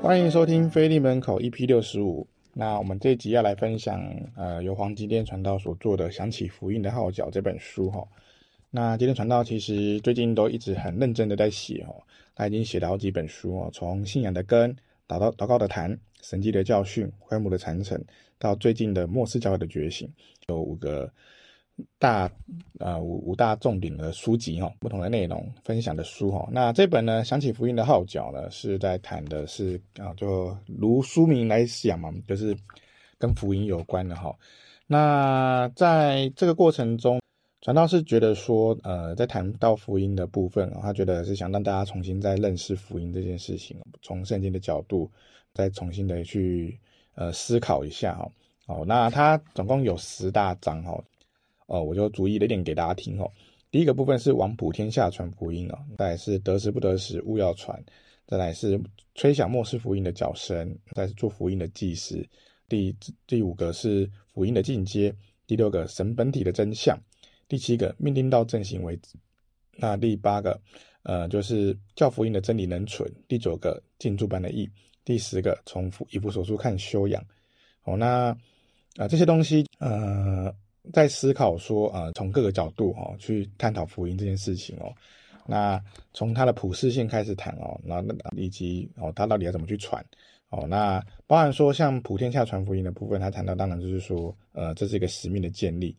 歡迎收聽腓利門口 EP 六十五，EP65，那我們這集要來分享，呃，由黃基甸傳道所做的《響起福音的號角》這本書哈、哦。那基甸傳道其實最近都一直很認真的在寫哦，他已經寫了好幾本書哦，從信仰的根，禱告禱告的壇，神蹟的教訓，灰幕的傳承，到最近的末世教會的覺醒，有五個。大，呃，五五大重點的書籍哈、哦，不同的內容分享的書哈、哦。那這本呢，《響起福音的號角》呢，是在談的是啊、呃，就如書名來想嘛，就是跟福音有關的哈、哦。那在這個過程中，傳道是覺得說，呃，在談到福音的部分、哦，他覺得是想讓大家重新再認識福音這件事情、哦，從聖經的角度再重新的去呃思考一下哈、哦哦。那他總共有十大章哈、哦。哦，我就逐一的念給大家聽哦。第一個部分是往普天下傳福音哦，再來是得時不得時務要傳，再來是吹響末世福音的角聲，再來是做福音的祭司。第第五個是福音的進階，第六個神本體的真相，第七個命定到正行為止。那第八個，呃，就是教福音的真理能存。第九個，進駐般的義。第十個，重複一部手術看修養。好、哦，那啊、呃、這些東西，呃。在思考說啊、呃，從各個角度哈、哦、去探討福音這件事情哦。那從它的普世性開始談哦，那以及哦，他到底要怎麼去傳哦？那包含說像普天下傳福音的部分，他談到當然就是說，呃，這是一個使命的建立。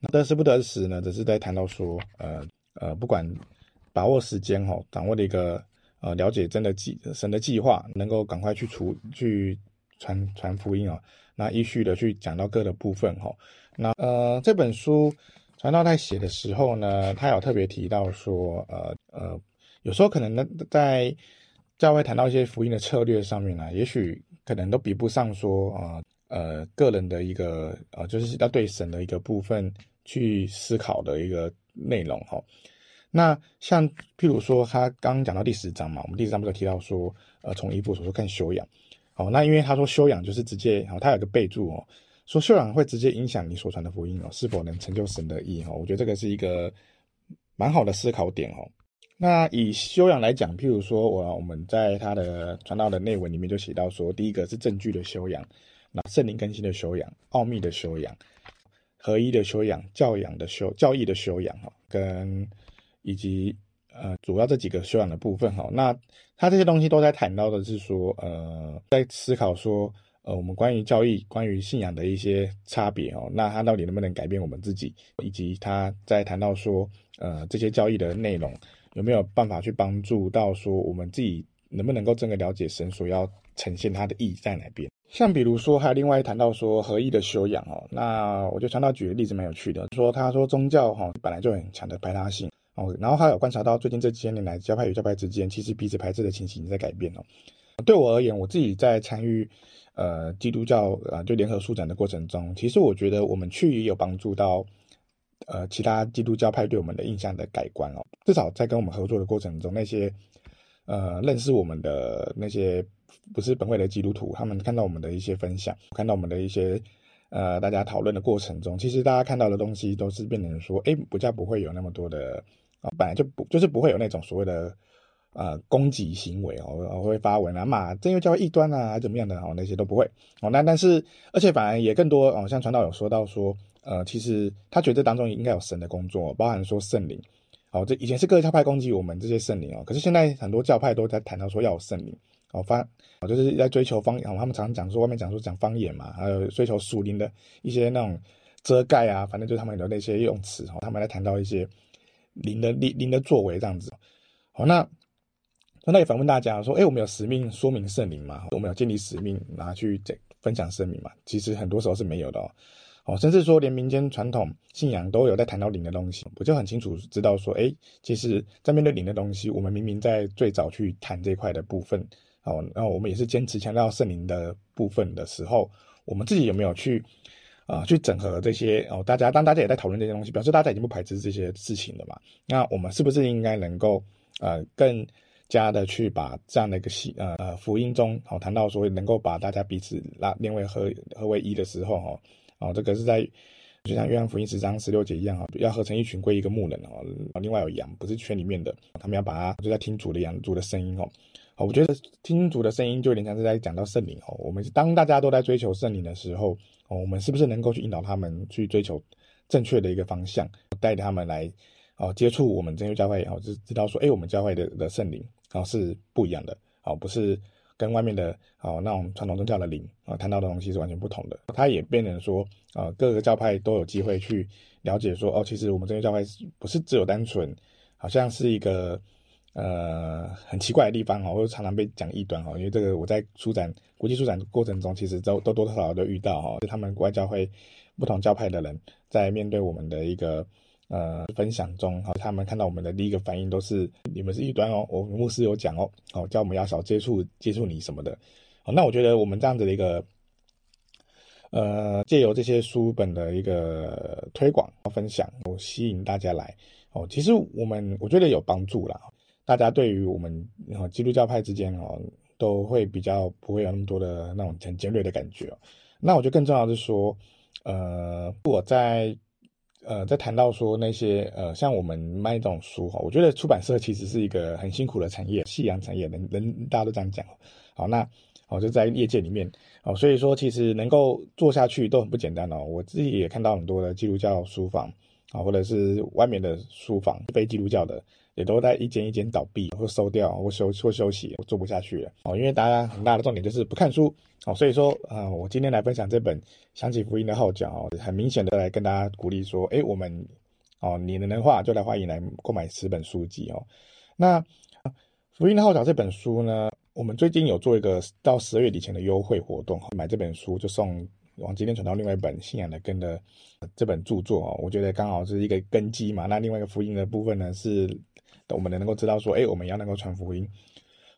那得時不得時呢，只是在談到說，呃呃，不管把握時間哈、哦，掌握了一個呃了解真的神的計劃，能夠趕快去除去傳傳福音啊、哦。那依序的去講到各個的部分哈、哦。那呃，這本書傳道在寫的時候呢，他有特別提到說，呃呃，有時候可能呢，在教會談到一些福音的策略上面呢，也許可能都比不上說啊，呃，個人的一個呃，就是要對神的一個部分去思考的一個內容哈。那像譬如說他剛剛講到第十章嘛，我們第十章不是提到說，呃，從一部所說看修養，哦，那因為他說修養就是直接，然後他有個備註哦。說修養會直接影響你所傳的福音哦，是否能成就神的意哦？我覺得這個是一個蠻好的思考點哦。那以修養來講，譬如說我我們在他的傳道的內文裡面就寫到說，第一個是證據的修養，那聖靈更新的修養、奧秘的修養、合一的修養、教養的修、教義的修養哦，跟以及呃主要這幾個修養的部分哦。那他這些東西都在談到的是說，呃，在思考說。呃，我們關於教義、關於信仰的一些差別哦，那它到底能不能改變我們自己？以及他在談到說，呃，這些教義的內容有沒有辦法去幫助到說我們自己能不能夠真的了解神所要呈現它的意義在哪邊？像比如說，還有另外一談到說合一的修養哦，那我就想到舉個例子蠻有趣的，就是、說他說宗教哈、哦、本來就很強的排他性哦，然後還有觀察到最近這幾年來教派與教派之間其實彼此排斥的情形在改變哦。對我而言，我自己在參與，呃，基督教啊、呃，就聯合書展的過程中，其實我覺得我們去也有幫助到，呃，其他基督教派對我們的印象的改觀哦。至少在跟我們合作的過程中，那些，呃，認識我們的那些不是本會的基督徒，他們看到我們的一些分享，看到我們的一些，呃，大家討論的過程中，其實大家看到的東西都是變成說，哎，不再不會有那麼多的啊、呃，本來就不就是不會有那種所謂的。呃，攻擊行為哦，會發文啊嘛，這又叫異端啊，還怎麼樣的哦？那些都不會哦。那但，但是，而且反而也更多哦。像傳道有說到說，呃，其實他覺得當中應該有神的工作，包含說聖靈。哦，這以前是各教派攻擊我們這些聖靈哦，可是現在很多教派都在談到說要有聖靈哦。發、哦，就是在追求方言，哦、他們常常講說外面講說講方言嘛，還有追求屬靈的一些那種遮蓋啊，反正就是他們的那些用詞哦，他們在談到一些靈的靈靈的作為這樣子。好、哦，那。那也反問大家說，欸，我們有使命說明聖靈嗎？我們有建立使命，拿去分享聖靈嘛？其實很多時候是沒有的哦。哦，甚至說連民間傳統信仰都有在談到靈的東西，我就很清楚知道說，欸，其實，在面對靈的東西，我們明明在最早去談這塊的部分，哦，那我們也是堅持強調聖靈的部分的時候，我們自己有沒有去，啊，去整合這些哦？大家，當大家也在討論這些東西，表示大家已經不排斥這些事情了嘛？那我們是不是應該能夠，呃，更？加的去把這樣的一個戲，呃呃，福音中好談、哦、到說，能夠把大家彼此拉，連為合合為一的時候，哈、哦，哦，這個是在，就像約翰福音十章十六節一樣，哈、哦，要合成一群歸一個牧人，哈、哦，另外有羊，不是圈裡面的，他們要把它，就在聽主的羊，主的聲音，哦。好，我覺得聽主的聲音就有點像是在講到聖靈，哦，我們當大家都在追求聖靈的時候，哦，我們是不是能夠去引導他們去追求正確的一個方向，帶他們來。哦，接觸我們真耶穌教會也好，就知道說，哎，我們教會的的聖靈，然後是不一樣的，哦，不是跟外面的哦那種傳統宗教的靈啊談到的東西是完全不同的。他也變成說，啊，各個教派都有機會去了解說，哦，其實我們真耶穌教會不是只有單純，好像是一個呃很奇怪的地方哈，或者常常被講異端哈，因為這個我在書展國際書展過程中，其實都都多少都遇到哈，就他們國外教會不同教派的人在面對我們的一個。呃，分享中，哈，他們看到我們的第一個反應都是，你們是異端哦，我們牧師有講哦，哦，叫我們要少接觸接觸你什麼的，好，那我覺得我們這樣子的一個，呃，借由這些書本的一個推廣和分享，我吸引大家來，哦，其實我們我覺得有幫助啦，大家對於我們基督教派之間哦，都會比較不會有那麼多的那種很尖銳的感覺，那我覺得更重要的是說，呃，我在。呃，在談到說那些呃，像我們賣這種書哈，我覺得出版社其實是一個很辛苦的產業，夕陽產業，人人大家都這樣講。好，那好就在業界裡面哦，所以說其實能夠做下去都很不簡單哦。我自己也看到很多的基督教書房啊，或者是外面的書房非基督教的。也都在一間一間倒閉，或收掉，或休，或休息，我做不下去了哦。因為大家很大的重點就是不看書哦，所以說啊、呃，我今天來分享這本《響起福音的號角》哦，很明顯的來跟大家鼓勵說，誒、欸、我們哦，你能能話就來歡迎來購買十本書籍哦。那《福音的號角》這本書呢，我們最近有做一個到十二月底前的優惠活動，買這本書就送。往今天傳道另外一本信仰的根的這本著作啊，我覺得剛好是一個根基嘛。那另外一個福音的部分呢，是我們能夠知道說，哎、欸，我們也要能夠傳福音。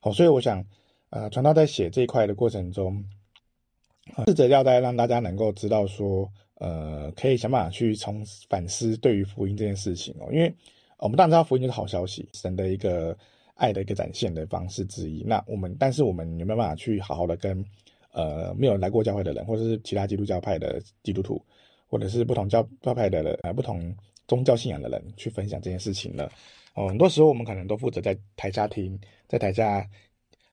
好，所以我想，呃，傳道在寫這一塊的過程中，試着要來讓大家能夠知道說，呃，可以想辦法去從反思對於福音這件事情哦，因為我們當然知道福音就是好消息，神的一個愛的一個展現的方式之一。那我們但是我們有沒有辦法去好好的跟呃，沒有來過教會的人，或者是其他基督教派的基督徒，或者是不同教、教派的人、呃，不同宗教信仰的人去分享這件事情了。哦，很多時候我們可能都負責在台下聽，在台下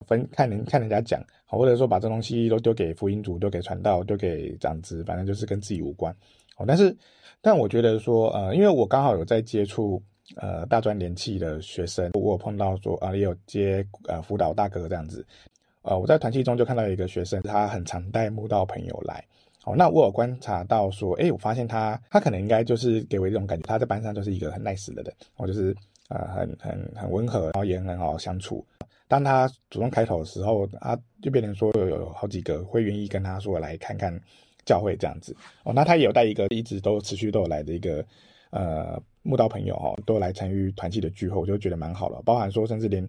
分看人看人家講，好，或者說把這東西都丟給福音組，丟給傳道，丟給長執，反正就是跟自己無關、哦。但是，但我覺得說，呃，因為我剛好有在接觸，呃，大專聯契的學生，我有碰到說，啊、呃，也有接，呃，輔導大哥這樣子。呃，我在團契中就看到一個學生，他很常帶慕道朋友來、哦。那我有觀察到說，誒、欸，我發現他，他可能應該就是給我一種感覺，他在班上就是一個很 nice 的人，我、哦、就是呃很很很溫和，然後也很好相處。當他主動開口的時候，他就變成說有，有好幾個會願意跟他說來看看教會這樣子。哦、那他也有帶一個一直都持續都有來的一個呃慕道朋友哦，都來參與團契的聚會，我就覺得蠻好了。包含說，甚至連。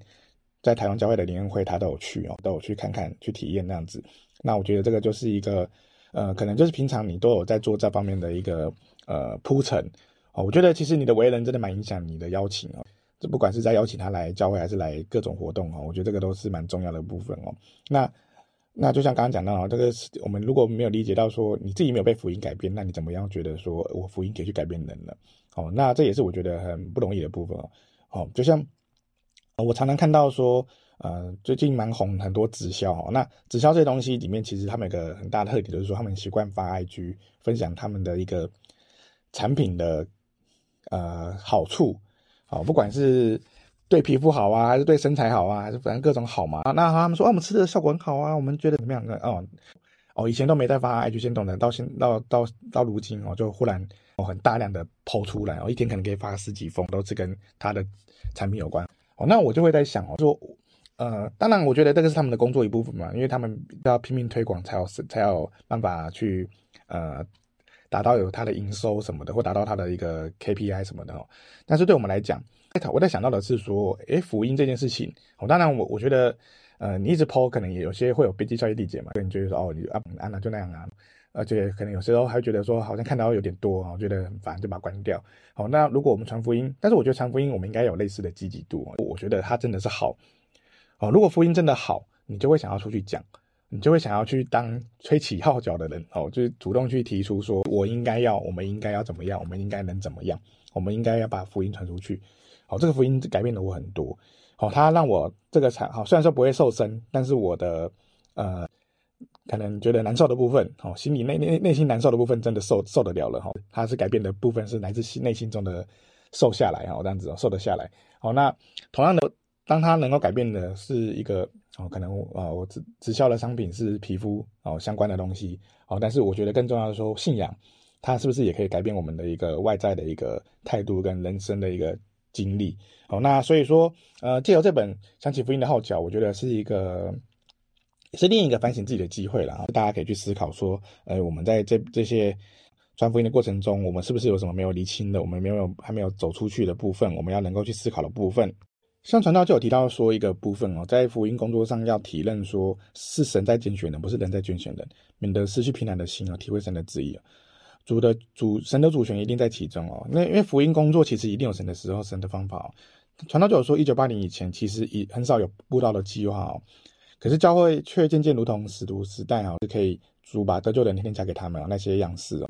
在台灣教會的聯誼會，他都有去哦，都有去看看，去體驗那樣子。那我覺得這個就是一個，呃，可能就是平常你都有在做這方面的一個呃鋪陳哦。我覺得其實你的為人真的蠻影響你的邀請哦。這不管是在邀請他來教會，還是來各種活動哦，我覺得這個都是蠻重要的部分哦。那那就像剛剛講到這個我們如果沒有理解到說你自己沒有被福音改變，那你怎麼樣覺得說我福音可以去改變人呢？哦，那這也是我覺得很不容易的部分哦。哦，就像。我常常看到說，呃，最近蠻紅很多直銷，哦。那直銷這東西裡面，其實他們有一個很大的特點就是說，他們習慣發 IG 分享他們的一個產品的呃好處，啊、哦，不管是對皮膚好啊，還是對身材好啊，還是反正各種好嘛。那他們說，啊，我們吃的效果很好啊，我們覺得怎麼樣呢？哦，哦，以前都沒在發 IG 先懂的，到現到到到如今哦，就忽然很大量的拋出來，哦，一天可能可以發十幾封，都是跟他的產品有關。哦，那我就會在想哦，說，呃，當然，我覺得這個是他們的工作一部分嘛，因為他們要拼命推廣，才有，才有辦法去，呃，達到有他的營收什麼的，或達到他的一個 KPI 什麼的哦。但是對我們來講，我在想到的是說，哎，福音這件事情，哦，當然我我覺得，呃，你一直拋，可能也有些會有邊際效益遞減嘛，所以你就會說，哦，你就、嗯、啊，按了就那樣啊。而且可能有時候還覺得說好像看到有點多，我覺得很煩，就把它關掉。好，那如果我們傳福音，但是我覺得傳福音我們應該有類似的積極度，我覺得它真的是好哦。如果福音真的好，你就會想要出去講，你就會想要去當吹起號角的人哦，就是主動去提出說，我應該要，我們應該要怎麼樣，我們應該能怎麼樣，我們應該要把福音傳出去。好，這個福音改變了我很多。好，它讓我這個產好，雖然說不會瘦身，但是我的呃。可能覺得難受的部分，哦，心裡內內內心難受的部分，真的受受得了了哈。它是改變的部分是來自心內心中的瘦下來哈，這樣子瘦得下來。好，那同樣的，當它能夠改變的是一個哦，可能啊，我直直銷的商品是皮膚哦相關的東西哦，但是我覺得更重要的是說，信仰它是不是也可以改變我們的一個外在的一個態度跟人生的一個經歷？哦，那所以說，呃，借由這本響起福音的號角，我覺得是一個。也是另一個反省自己的機會了啊！大家可以去思考說，呃、欸，我們在這這些傳福音的過程中，我們是不是有什麼沒有釐清的？我們沒有還沒有走出去的部分，我們要能夠去思考的部分。像傳道就有提到說一個部分哦、喔，在福音工作上要體認說，是神在揀選人，不是人在揀選人，免得失去平安的心啊、喔，體會神的旨意、喔、主的主神的主權一定在其中哦、喔。那因為福音工作其實一定有神的時候，神的方法、喔。傳道就有說，一九八零以前其實很少有布道的計劃哦。可是教會卻漸漸如同使徒時代啊，是可以主把得救的人天天加給他們那些樣式哦，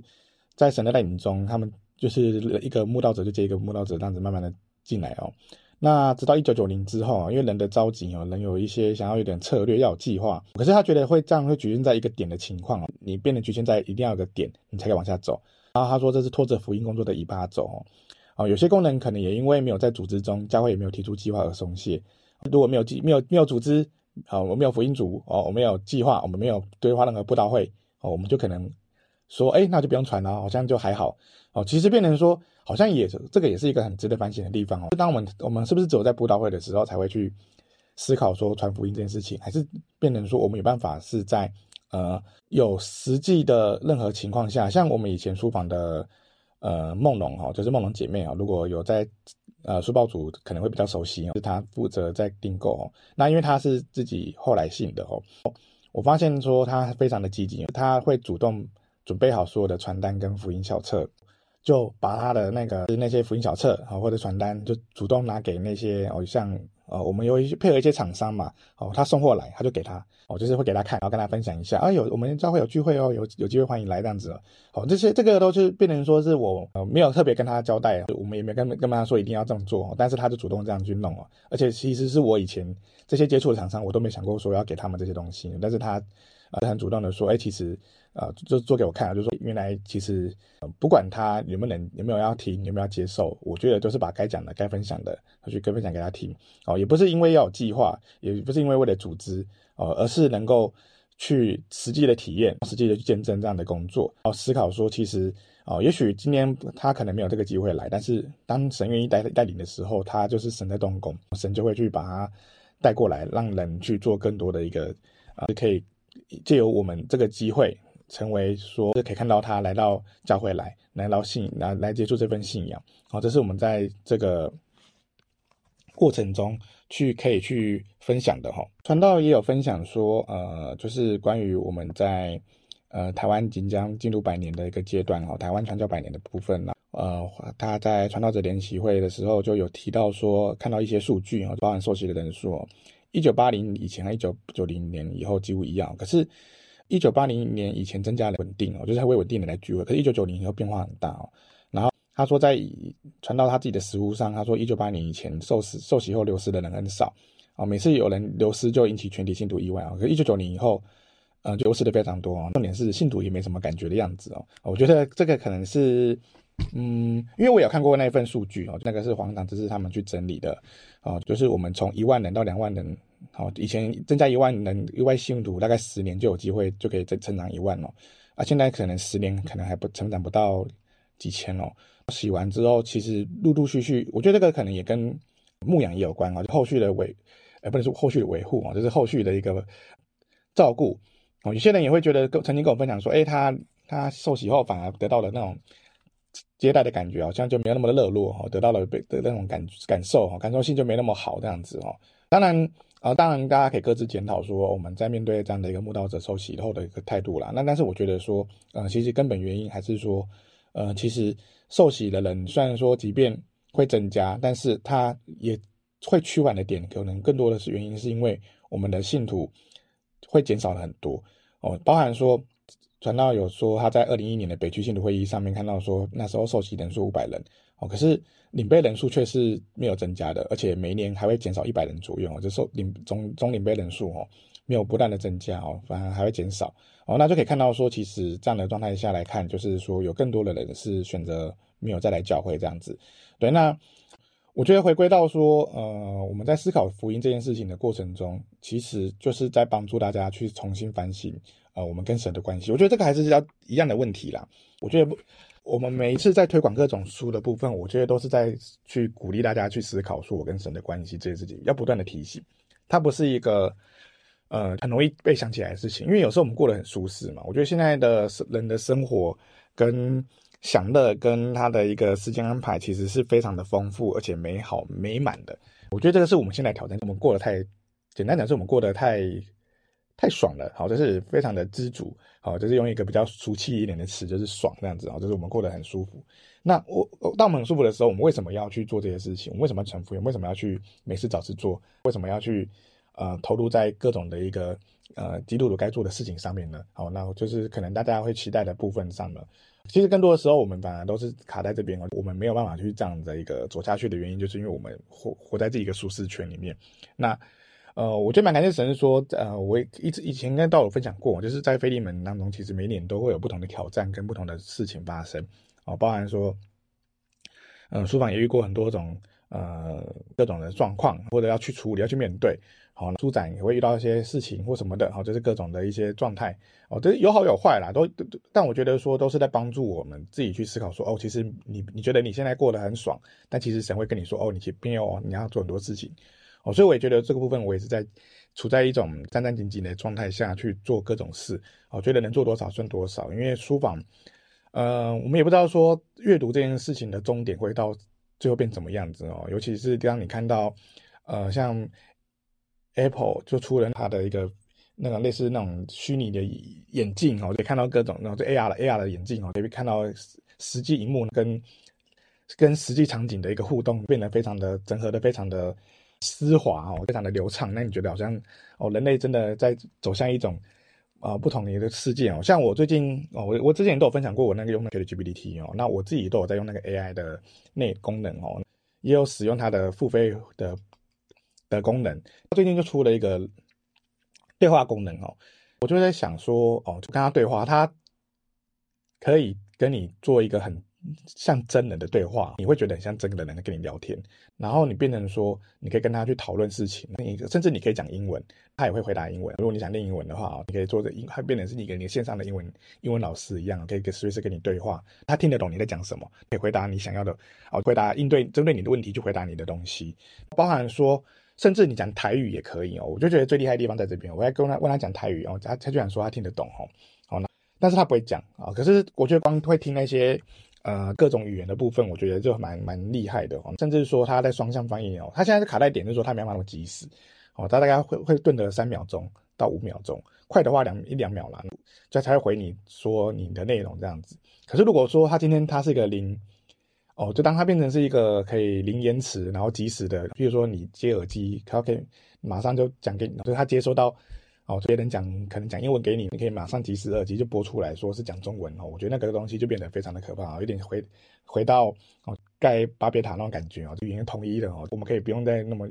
在神的帶領中，他們就是一個慕道者就接一個慕道者，這樣子慢慢的進來哦。那直到一九九零之後啊，因為人的着急哦，人有一些想要有點策略要有計劃，可是他覺得會這樣會局限在一個點的情況你變得局限在一定要有個點你才可以往下走。然後他說這是拖着福音工作的尾巴走哦，有些工人可能也因為沒有在組織中，教會也沒有提出計劃而鬆懈，如果沒有沒有沒有組織。好、哦，我們有福音組哦，我們有計劃，我們沒有規劃任何布道會哦，我們就可能說，哎、欸，那就不用傳了，好像就還好哦。其實變成說，好像也這個也是一個很值得反省的地方哦。就當我們我們是不是只有在布道會的時候才會去思考說傳福音這件事情，還是變成說我們有辦法是在呃有實際的任何情況下，像我們以前書房的呃夢龍哈，就是夢龍姐妹啊、哦，如果有在。呃，書報組可能會比較熟悉哦，是他負責在訂購哦。那因為他是自己後來信的哦，我發現說他非常的積極，他會主動準備好所有的傳單跟福音小冊，就把他的那個那些福音小冊啊、哦、或者傳單，就主動拿給那些偶、哦、像。呃，我們有一些配合一些廠商嘛，哦，他送貨來，他就給他，哦，就是會給他看，然後跟他分享一下，哎，有我們教會有聚會哦，有有機會歡迎來這樣子，哦，這些這個都是變成說是我，呃，沒有特別跟他交代，我們也沒跟跟他說一定要這麼做，但是他就主動這樣去弄哦。而且其實是我以前這些接觸的廠商，我都沒想過說要給他們這些東西，但是他。啊、呃，很主動的說，哎、欸，其實，啊、呃，就做給我看啊，就是說，原來其實，呃，不管他能不能，有沒有要聽，有沒有要接受，我覺得就是把該講的、該分享的，我去跟分享給他聽。哦、呃，也不是因為要有計劃，也不是因為為了組織，哦、呃，而是能夠去實際的體驗，實際的去見證這樣的工作。哦，思考說，其實，哦、呃，也許今天他可能沒有這個機會來，但是當神願意帶帶領的時候，他就是神在動工，神就會去把他帶過來，讓人去做更多的一個，啊、呃，可以。借由我們這個機會，成為說就可以看到他來到教會來，來到信，來來接觸這份信仰。好，這是我們在這個過程中去可以去分享的哈。傳道也有分享說，呃，就是關於我們在呃台灣即將進入百年的一個階段哈，台灣傳教百年的部分呢，呃，他在傳道者聯席會的時候就有提到說，看到一些數據，包含受洗的人數。一九八零以前和一九九零年以後幾乎一樣。可是，一九八零年以前增加了穩定哦，就是還未穩定的來聚會。可是，一九九零以後變化很大哦。然後他說，在傳到他自己的食物上，他說一九八零以前受死、受洗後流失的人很少哦。每次有人流失，就引起全體信徒意外啊。可是，一九九零以後，嗯、呃，就流失的非常多哦。重點是信徒也沒什麼感覺的樣子哦。我覺得這個可能是。嗯，因為我有看過那一份數據哦，那個是黃唐資事他們去整理的，哦，就是我們從一萬人到兩萬人，好、哦，以前增加一萬人，一萬信徒大概十年就有機會就可以再成長一萬哦。啊，現在可能十年可能還不成長不到幾千哦。洗完之後，其實陸陸續續，我覺得這個可能也跟牧養也有關啊、哦，就後續的維，呃、欸，不能說後續的維護啊，就是後續的一個照顧，哦，有些人也會覺得跟曾經跟我分享說，哎、欸，他他受洗後反而得到了那種。接待的感覺好像就沒有那麼的熱絡哦，得到了被的那種感感受感受性就沒那麼好這樣子哦。當然啊、呃，當然大家可以各自檢討說我們在面對這樣的一個慕道者受洗後的一個態度啦。那但是我覺得說，嗯、呃，其實根本原因還是說，嗯、呃，其實受洗的人雖然說即便會增加，但是它也會趨緩的點，可能更多的是原因是因為我們的信徒會減少了很多哦、呃，包含說，傳道有說他在二零一一年的北區信徒會議上面看到說，那時候受洗人數五百人哦，可是領杯人數卻是沒有增加的，而且每年還會減少一百人左右哦，就是領總總領杯人數哦沒有不斷的增加哦，反而還會減少哦，那就可以看到說其實這樣的狀態下來看，就是說有更多的人是選擇沒有再來教會這樣子。對，那我覺得回歸到說，呃，我們在思考福音這件事情的過程中，其實就是在幫助大家去重新反省。呃、我們跟神的關係，我覺得這個還是要一樣的問題啦。我覺得不，我們每一次在推廣各種書的部分，我覺得都是在去鼓勵大家去思考說，我跟神的關係這些事情，要不斷的提醒。它不是一個呃很容易被想起來的事情，因為有時候我們過得很舒適嘛。我覺得現在的人的生活跟享樂跟他的一個時間安排，其實是非常的豐富而且美好美滿的。我覺得這個是我們現在挑戰，我們過得太簡單講，是我們過得太。太爽了，好，這、就是非常的知足，好，這、就是用一個比較俗氣一點的詞，就是爽這樣子，好，就是我們過得很舒服。那我，當我們很舒服的時候，我們為什麼要去做這些事情？我們為什麼要成佛？為什麼要去沒事找事做？為什麼要去，呃，投入在各種的一個，呃，基督徒該做的事情上面呢？好，那就是可能大家會期待的部分上了。其實更多的時候，我們反而都是卡在這邊了，我們沒有辦法去這樣的一個走下去的原因，就是因為我們活活在這一個舒適圈裡面，那。呃，我覺得蠻感謝神說，呃，我以前跟道友分享過，就是在腓利門當中，其實每年都會有不同的挑戰跟不同的事情發生，哦，包含說，呃，書房也遇過很多種，呃，各種的狀況，或者要去處理，要去面對，好、哦，書展也會遇到一些事情或什麼的，好、哦，就是各種的一些狀態，哦，這、就是、有好有壞啦，都都，但我覺得說都是在幫助我們自己去思考說，哦，其實你你覺得你現在過得很爽，但其實神會跟你說，哦，你其實並沒有，你要做很多事情。所以我也覺得這個部分，我也是在處在一種戰戰兢兢的狀態下去做各種事。我覺得能做多少算多少，因為書房，呃，我們也不知道說閱讀這件事情的終點會到最後變怎麼樣子哦。尤其是當你看到，呃，像 Apple 就出了它的一個那個類似那種虛擬的眼鏡哦，就看到各種那種 AR 的 AR 的眼鏡哦，可以看到實際熒幕跟跟實際場景的一個互動，變得非常的整合的非常的。絲滑哦，非常的流暢。那你覺得好像哦，人類真的在走向一種啊、呃、不同的一個世界哦。像我最近哦，我我之前都有分享過我那個用的 ChatGPT 哦。那我自己都有在用那個 AI 的內功能哦，也有使用它的付費的的功能。它最近就出了一個對話功能哦，我就在想說哦，就跟他對話，它可以跟你做一個很像真人的對話，你會覺得很像真的人跟你聊天。然後你變成說，你可以跟他去討論事情，甚至你可以講英文，他也會回答英文。如果你想練英文的話，你可以做這，他變成是你跟你線上的英文英文老師一樣，可以隨時跟你對話，他聽得懂你在講什麼，可以回答你想要的，回答應對針對你的問題去回答你的東西，包含說，甚至你講台語也可以哦。我就覺得最厲害的地方在這邊，我在跟他問他講台語，他他居然說他聽得懂哦，但是他不會講啊。可是我覺得光會聽那些。呃，各種語言的部分，我覺得就蠻蠻厲害的哦。甚至說它在雙向翻譯哦，它現在是卡帶點，就是說它沒有那麼及時哦，它大概會會頓個三秒鐘到五秒鐘，快的話，兩一兩秒了，才才會回你說你的內容這樣子。可是如果說它今天它是一個零哦，就當它變成是一個可以零延遲然後及時的，譬如說你接耳機，它可以馬上就講給你，就是它接收到。哦，別人講可能講英文給你，你可以馬上及時耳機就播出來說是講中文哦。我覺得那個東西就變得非常的可怕，哦，有點回回到哦蓋巴別塔那種感覺哦，就已經統一了哦，我們可以不用再那麼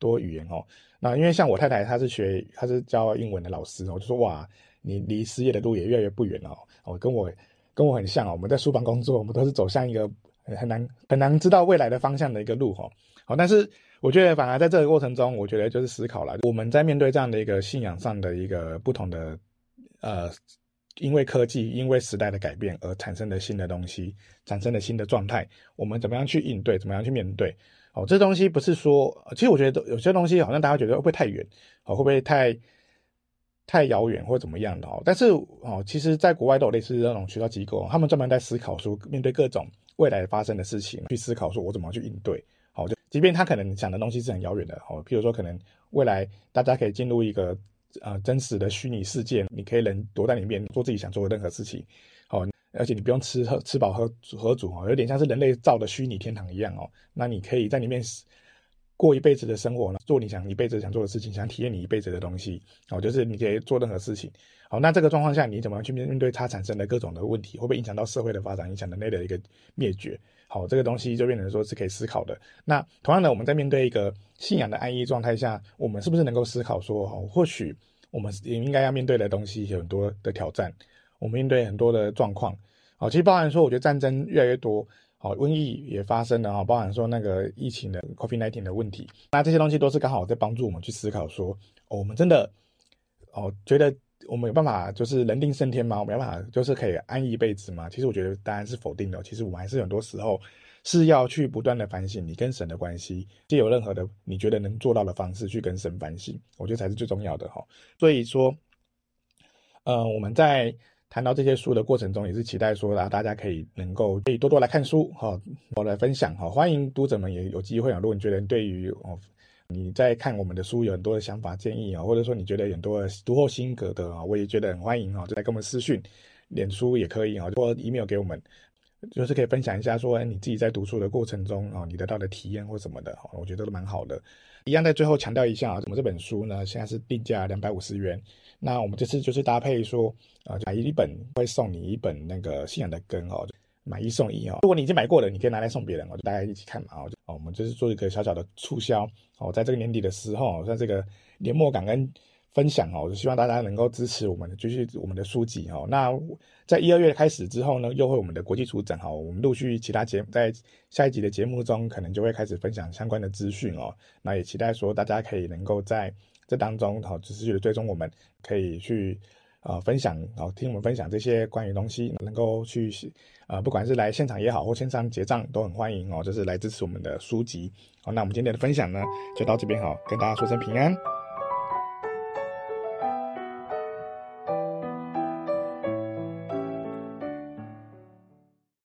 多語言哦。那因為像我太太她是學她是教英文的老師哦，就說哇，你離失業的路也越來越不遠了。哦，跟我跟我很像哦。我們在書房工作，我們都是走向一個很難很難知道未來的方向的一個路哈。好，哦哦，但是。我覺得反而在這個過程中，我覺得就是思考了，我們在面對這樣的一個信仰上的一個不同的，呃，因為科技，因為時代的改變而產生的新的東西，產生的新的狀態，我們怎麼樣去應對，怎麼樣去面對？哦，這東西不是說，其實我覺得有些東西好像大家覺得會不會太遠，哦，會不會太太遙遠或怎麼樣的？哦，但是哦，其實在國外都有類似那種渠道機構，他們專門在思考說，面對各種未來發生的事情，去思考說我怎麼去應對。好，就即便他可能講的東西是很遙遠的，哦，譬如說，可能未來大家可以進入一個，呃，真實的虛擬世界，你可以能躲在裡面做自己想做的任何事情，哦，而且你不用吃喝吃飽喝喝足，哦，有點像是人類造的虛擬天堂一樣，哦，那你可以在裡面過一輩子的生活呢，做你想一輩子想做的事情，想體驗你一輩子的東西，哦，就是你可以做任何事情。好，那這個狀況下，你怎麼樣去面面對它產生的各種的問題，會不會影響到社會的發展，影響人類的一個滅絕？好，這個東西就變成說是可以思考的。那同樣的，我們在面對一個信仰的安逸狀態下，我們是不是能夠思考說，哦，或許我們也應該要面對的東西有很多的挑戰，我們面對很多的狀況。好，其實包含說，我覺得戰爭越來越多，哦，瘟疫也發生了啊，包含說那個疫情的 COVID-19 的問題，那這些東西都是剛好在幫助我們去思考說，哦，我們真的，哦，覺得。我們有辦法就是人定勝天嘛。我們有辦法就是可以安逸一輩子嘛。其實我覺得當然是否定的。其實我們還是很多時候是要去不斷的反省你跟神的關係，藉由任何的你覺得能做到的方式去跟神反省，我覺得才是最重要的哈。所以說，呃，我們在談到這些書的過程中，也是期待說啊，大家可以能夠可以多多來看書哈，多來分享哈，歡迎讀者們也有機會啊，如果你覺得對於你在看我們的書，有很多的想法建議啊、哦，或者說你覺得有很多的讀後心得的啊、哦，我也覺得很歡迎啊、哦，就來跟我們私訊，臉書也可以啊、哦，或者 email 給我們，就是可以分享一下說，哎，你自己在讀書的過程中啊、哦，你得到的體驗或什麼的、哦，我覺得都蠻好的。一樣在最後強調一下啊、哦，我們這本書呢現在是定價兩百五十元，那我們這次就是搭配說，啊、呃，買一本會送你一本那個信仰的根哦。買一送一哦！如果你已經買過了，你可以拿來送別人哦。就大家一起看嘛，哦，我們就是做一個小小的促銷哦。我在這個年底的時候，像、哦、這個年末感恩分享哦，我就希望大家能夠支持我們，就是我們的書籍、哦、那在一二月開始之後呢，又會我們的國際書展哈，我們陸續其他節目在下一集的節目中，可能就會開始分享相關的資訊哦。那也期待說大家可以能夠在這當中只、哦、持續的追蹤我們可以去。啊、呃，分享好，聽我們分享這些關於東西，能夠去啊、呃，不管是來現場也好，或線上結賬都很歡迎哦，就是來支持我們的書籍好、哦，那我們今天的分享呢，就到這邊哈、哦，跟大家說聲平安。